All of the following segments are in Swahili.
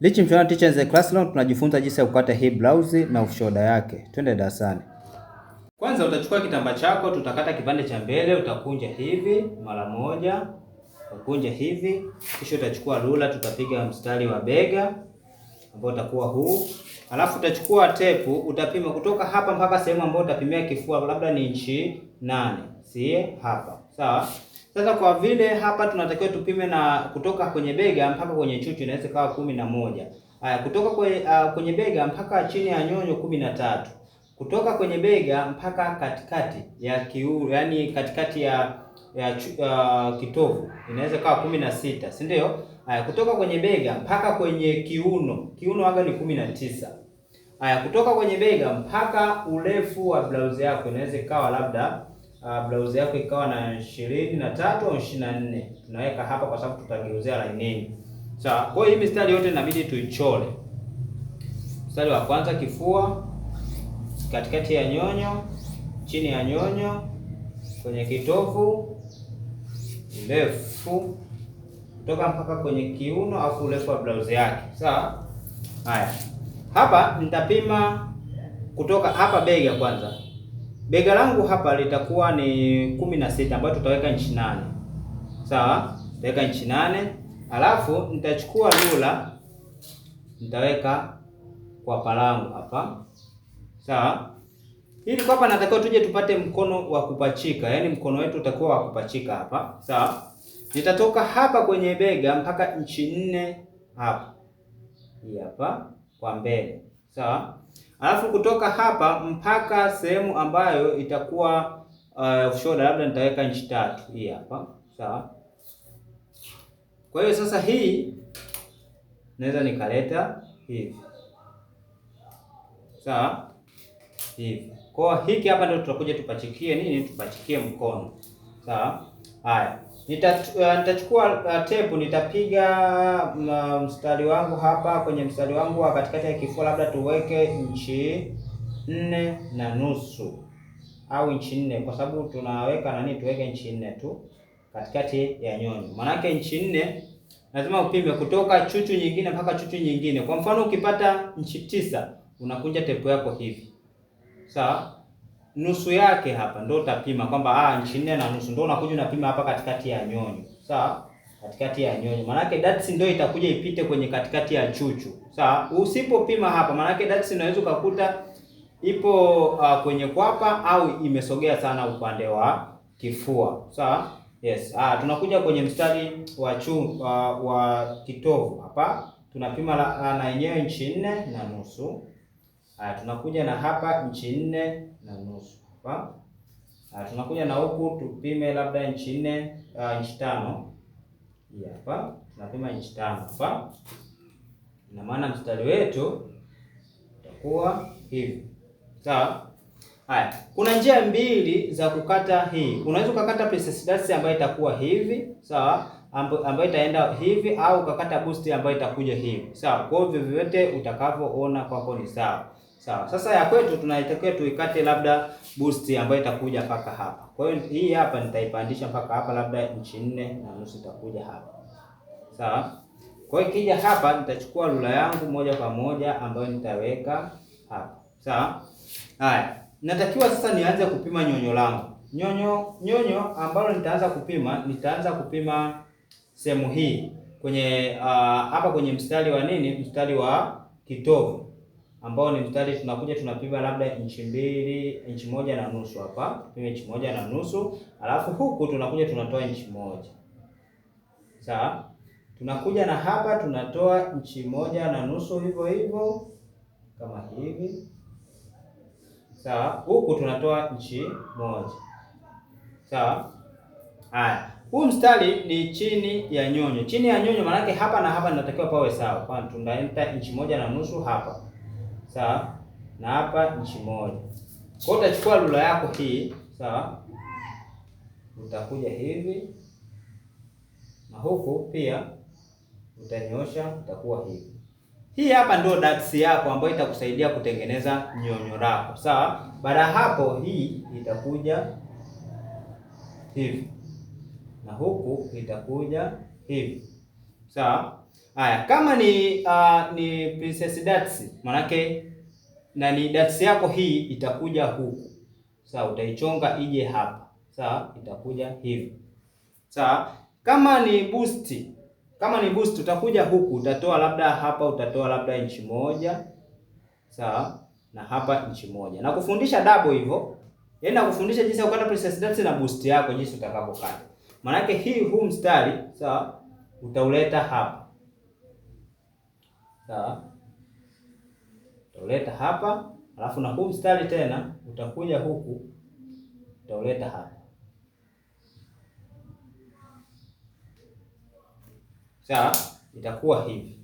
Rich Mshona Teacher in the Classroom tunajifunza jinsi ya kukata hii blouse na ushoda yake. Twende darasani. Kwanza utachukua kitambaa chako, tutakata kipande cha mbele, utakunja hivi mara moja, utakunja hivi, kisha utachukua rula, tutapiga mstari wa bega ambao utakuwa huu. Alafu utachukua tepu, utapima kutoka hapa mpaka sehemu ambayo utapimia kifua, labda ni inchi nane. Sie hapa. Sawa? Sasa kwa vile hapa tunatakiwa tupime na kutoka kwenye bega mpaka kwenye chuchu inaweza kawa kumi na moja. Aya, kutoka kwe, uh, kwenye bega mpaka chini ya nyonyo kumi na tatu. Kutoka kwenye bega mpaka katikati ya kiu, yani katikati ya, ya uh, kitovu inaweza kawa kumi na sita, si ndio? kutoka kwenye bega mpaka kwenye kiuno, kiuno waga ni kumi na tisa. Aya, kutoka kwenye bega mpaka urefu wa blouse yako inaweza ikawa labda uh, blouse yako ikawa na ishirini na tatu au ishirini na nne tunaweka hapa kwa sababu tutageuzea lainini sawa. Kwa hiyo hii mistari yote inabidi tuichole Mstari wa kwanza kifua, katikati ya nyonyo, chini ya nyonyo, kwenye kitovu, ndefu kutoka mpaka kwenye kiuno, au urefu wa blouse yake sawa. Haya, hapa nitapima kutoka hapa bega kwanza bega langu hapa litakuwa ni kumi na sita ambayo tutaweka inchi nane sawa, tutaweka inchi nane alafu nitachukua rula nitaweka kwa palangu hapa sawa. Hili kwapa natakiwa tuje tupate mkono wa kupachika, yaani mkono wetu utakuwa wa kupachika hapa sawa. Nitatoka hapa kwenye bega mpaka inchi nne hapa hii hapa kwa mbele sawa Alafu kutoka hapa mpaka sehemu ambayo itakuwa uh, shoulder labda nitaweka inchi tatu hii hapa, sawa. Kwa hiyo sasa hii naweza nikaleta hivi, sawa, hivi. Kwa hiki hapa ndio tutakuja tupachikie nini, tupachikie mkono, sawa. Haya. Uh, nitachukua uh, tepu nitapiga uh, mstari wangu hapa kwenye mstari wangu wa katikati ya kifua, labda tuweke inchi nne na nusu au inchi nne kwa sababu tunaweka nani, tuweke inchi nne tu katikati ya nyonyo, maanake inchi nne lazima upime kutoka chuchu nyingine mpaka chuchu nyingine. Kwa mfano ukipata inchi tisa unakunja tepu yako hivi, sawa nusu yake hapa ndio utapima kwamba ah, inchi nne na nusu ndio unakuja unapima hapa katikati ya nyonyo sawa, katikati ya nyonyo. Maanake datsi ndio itakuja ipite kwenye katikati ya chuchu sawa. Usipopima hapa, maanake datsi unaweza ukakuta ipo uh, kwenye kwapa au imesogea sana upande wa kifua sawa. Yes. Ah, tunakuja kwenye mstari wa chu uh, wa kitovu hapa tunapima ah, na yenyewe inchi nne na nusu. Ah, tunakuja na hapa inchi nne na nusu hapa. Ah, Tunakuja na huku tupime labda inchi nne, uh, inchi tano hii hapa, tunapima inchi tano hapa. Ina maana mstari wetu utakuwa hivi, sawa. Haya, kuna njia mbili za kukata hii. Unaweza ukakata pieces ambayo itakuwa hivi sawa, ambayo itaenda hivi, au ukakata boost ambayo itakuja hivi sawa. Kwa hivyo vyovyote utakavyoona kwako ni sawa. Sawa. Sasa ya kwetu tunatakiwa tuikate labda boost ambayo itakuja mpaka hapa. Kwa hiyo hii hapa nitaipandisha mpaka hapa labda inchi nne na nusu itakuja hapa. Sawa? Kwa hiyo ikija hapa nitachukua rula yangu moja kwa moja ambayo nitaweka hapa. Sawa? Haya. Natakiwa sasa nianze kupima nyonyo langu. Nyonyo nyonyo ambalo nitaanza kupima, nitaanza kupima sehemu hii kwenye ah, hapa uh, kwenye mstari wa nini? Mstari wa kitovu ambao ni mstari tunakuja tunapima labda inchi mbili inchi moja na nusu hapa, tupime inchi moja na nusu alafu huku tunakuja tunatoa inchi moja sawa. Tunakuja na hapa tunatoa inchi moja na nusu hivyo hivyo kama hivi sawa. Huku tunatoa inchi moja sawa. Haya, huu mstari ni chini ya nyonyo, chini ya nyonyo maanake hapa na hapa ninatakiwa pawe sawa, kwa tunaenda inchi moja na nusu hapa sawa, na hapa nchi moja. Kwa hiyo utachukua lula yako hii, sawa, utakuja hivi na huku pia utanyosha, utakuwa hivi. Hii hapa ndio dots yako ambayo itakusaidia kutengeneza nyonyo lako, sawa. Baada hapo, hii itakuja hivi na huku itakuja hivi, sawa. Haya, kama ni uh, ni princess dots, manake na ni dots yako hii itakuja huku sawa, utaichonga ije hapa sawa, itakuja hivi sawa. Kama ni boost, kama ni boost utakuja huku, utatoa labda hapa, utatoa labda inchi moja sawa, na hapa inchi moja, na kufundisha double hivyo, yaani na kufundisha jinsi ya kukata princess dots na boost yako, jinsi utakapokata. Maanake hii huu mstari sawa, utauleta hapa sawa utauleta hapa, alafu na huu mstari tena utakuja huku utauleta hapa, sawa? Itakuwa hivi,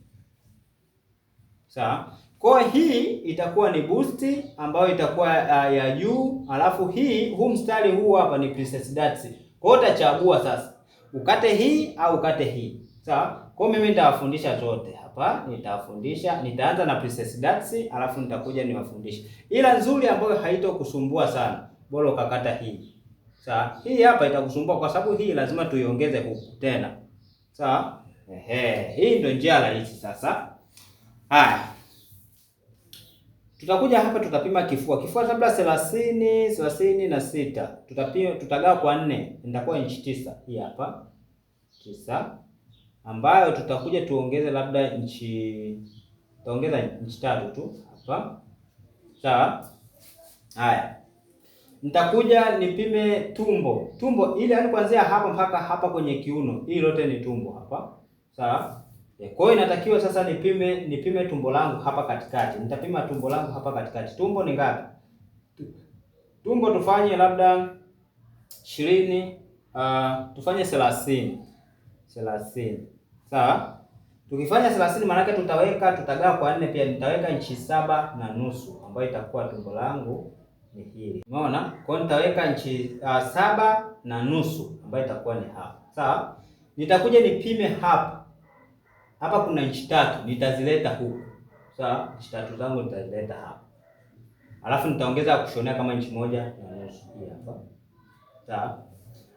sawa? Kwa hii itakuwa ni boost ambayo itakuwa uh, ya juu, alafu hii huu mstari huu hapa ni princess dots. Kwa hiyo utachagua sasa ukate hii au ukate hii, sawa? Kwa mimi nitawafundisha zote hapa, nitawafundisha nitaanza na Princess Daxi alafu nitakuja niwafundishe, ila nzuri ambayo haitokusumbua sana, bora ukakata hii. Sawa, hii hapa itakusumbua kwa sababu hii lazima tuiongeze huku tena. Sawa, ehe, hii ndio njia rahisi sasa. Haya, tutakuja hapa tutapima kifua. Kifua labda 30, thelathini na sita tutapima, tutagawa kwa 4, nitakuwa inchi 9 Hii hapa tisa ambayo tutakuja tuongeze labda nchi, tutaongeza nchi tatu tu hapa, sawa. Haya, nitakuja nipime tumbo, tumbo ile yani kuanzia hapa mpaka hapa kwenye kiuno, hii lote ni tumbo hapa, sawa. Kwa hiyo inatakiwa sasa nipime nipime tumbo langu hapa katikati. Nitapima tumbo langu hapa katikati. Tumbo ni ngapi? Tumbo tufanye labda ishirini, uh, tufanye thelathini thelathini Sawa? Tukifanya 30 maana yake tutaweka tutagawa kwa nne pia nitaweka inchi saba na nusu ambayo itakuwa tumbo langu ni hili. Umeona? Kwa hiyo nitaweka inchi uh, saba na nusu ambayo itakuwa ni hapa. Sawa? Nitakuja nipime hapa. Hapa kuna inchi tatu nitazileta huku. Sawa? Inchi tatu zangu nitazileta hapa. Alafu nitaongeza kushonea kama inchi moja na nusu hapa. Sawa?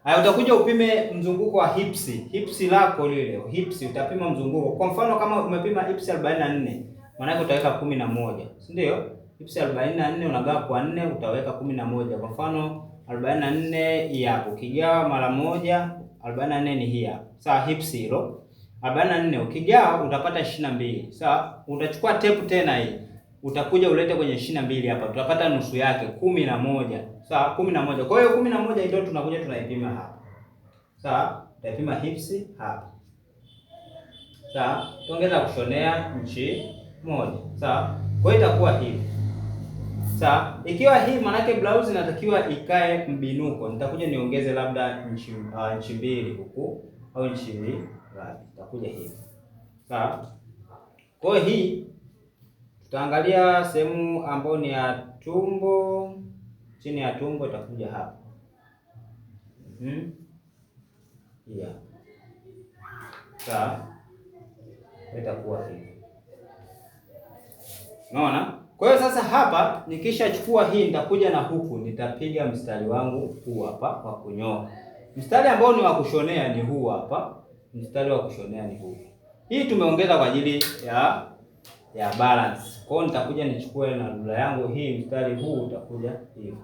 Haya, utakuja upime mzunguko wa hips, hips lako lile, hips utapima mzunguko. Kwa mfano kama umepima hips 44, maana yake utaweka 11, si ndio? Hips 44 unagawa kwa 4, utaweka 11. Kwa mfano 44 hii hapo, ukigawa mara moja 44 ni hii hapo. Sawa, hips hilo 44 ukigawa utapata 22. Sawa, utachukua tape tena hii utakuja ulete kwenye ishirini na mbili hapa, tutapata nusu yake kumi na moja sawa, kumi na moja. Kwa hiyo kumi na moja ndio tunakuja tunaipima hapa, sawa. Tutaipima hips hapa, sawa. Tuongeza kushonea nchi moja, sawa. Kwa hiyo itakuwa hivi, sawa. Ikiwa hii maanake blouse inatakiwa ikae mbinuko, nitakuja niongeze labda nchi uh, ah, nchi mbili huku au nchi ngapi, itakuja hivi, sawa. Kwa hiyo hii Tutaangalia sehemu ambayo ni ya tumbo, chini ya tumbo itakuja hapa mm -hmm. yeah. Sawa, itakuwa hivi, unaona. Kwa hiyo sasa hapa nikishachukua hii nitakuja na huku nitapiga mstari wangu huu hapa wa kunyoa. Mstari ambao ni wa kushonea ni huu hapa, mstari wa kushonea ni huu. Hii tumeongeza kwa ajili ya ya balance. Kwa hiyo nitakuja nichukue na rula yangu hii, mstari huu utakuja hivi.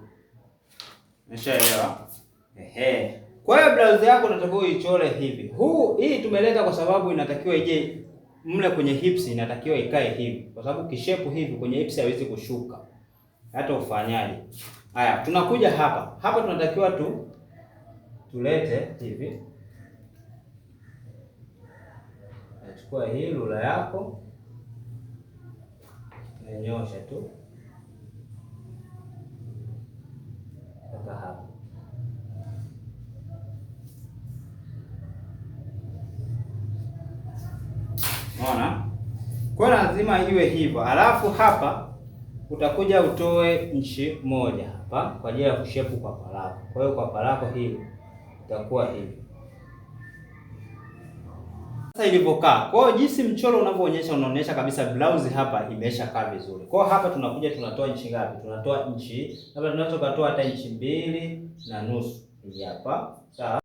Umeshaelewa? Ehe. Kwa hiyo blouse yako unatakiwa uichore hivi. Huu hii tumeleta kwa sababu inatakiwa ije mle kwenye hips, inatakiwa ikae hivi, kwa sababu kishepu hivi kwenye hips haiwezi kushuka hata ufanyaje. Haya, tunakuja hapa hapa, tunatakiwa tu tulete hivi, Achukua hii rula yako nanyosha tu mpaka hapo. Unaona, kwa lazima iwe hivyo. Alafu hapa utakuja utoe nchi moja hapa kwa ajili ya kushepu kwa palako. Kwa hiyo kwa palako hili itakuwa hivi sasa ilivyokaa. Kwa hiyo jinsi mchoro unavyoonyesha unaonyesha kabisa blouse hapa imeshakaa vizuri. Kwa hiyo hapa tunakuja tunatoa inchi ngapi? Tunatoa inchi labda tunaweza kutoa hata inchi mbili na nusu hii hapa. Sawa.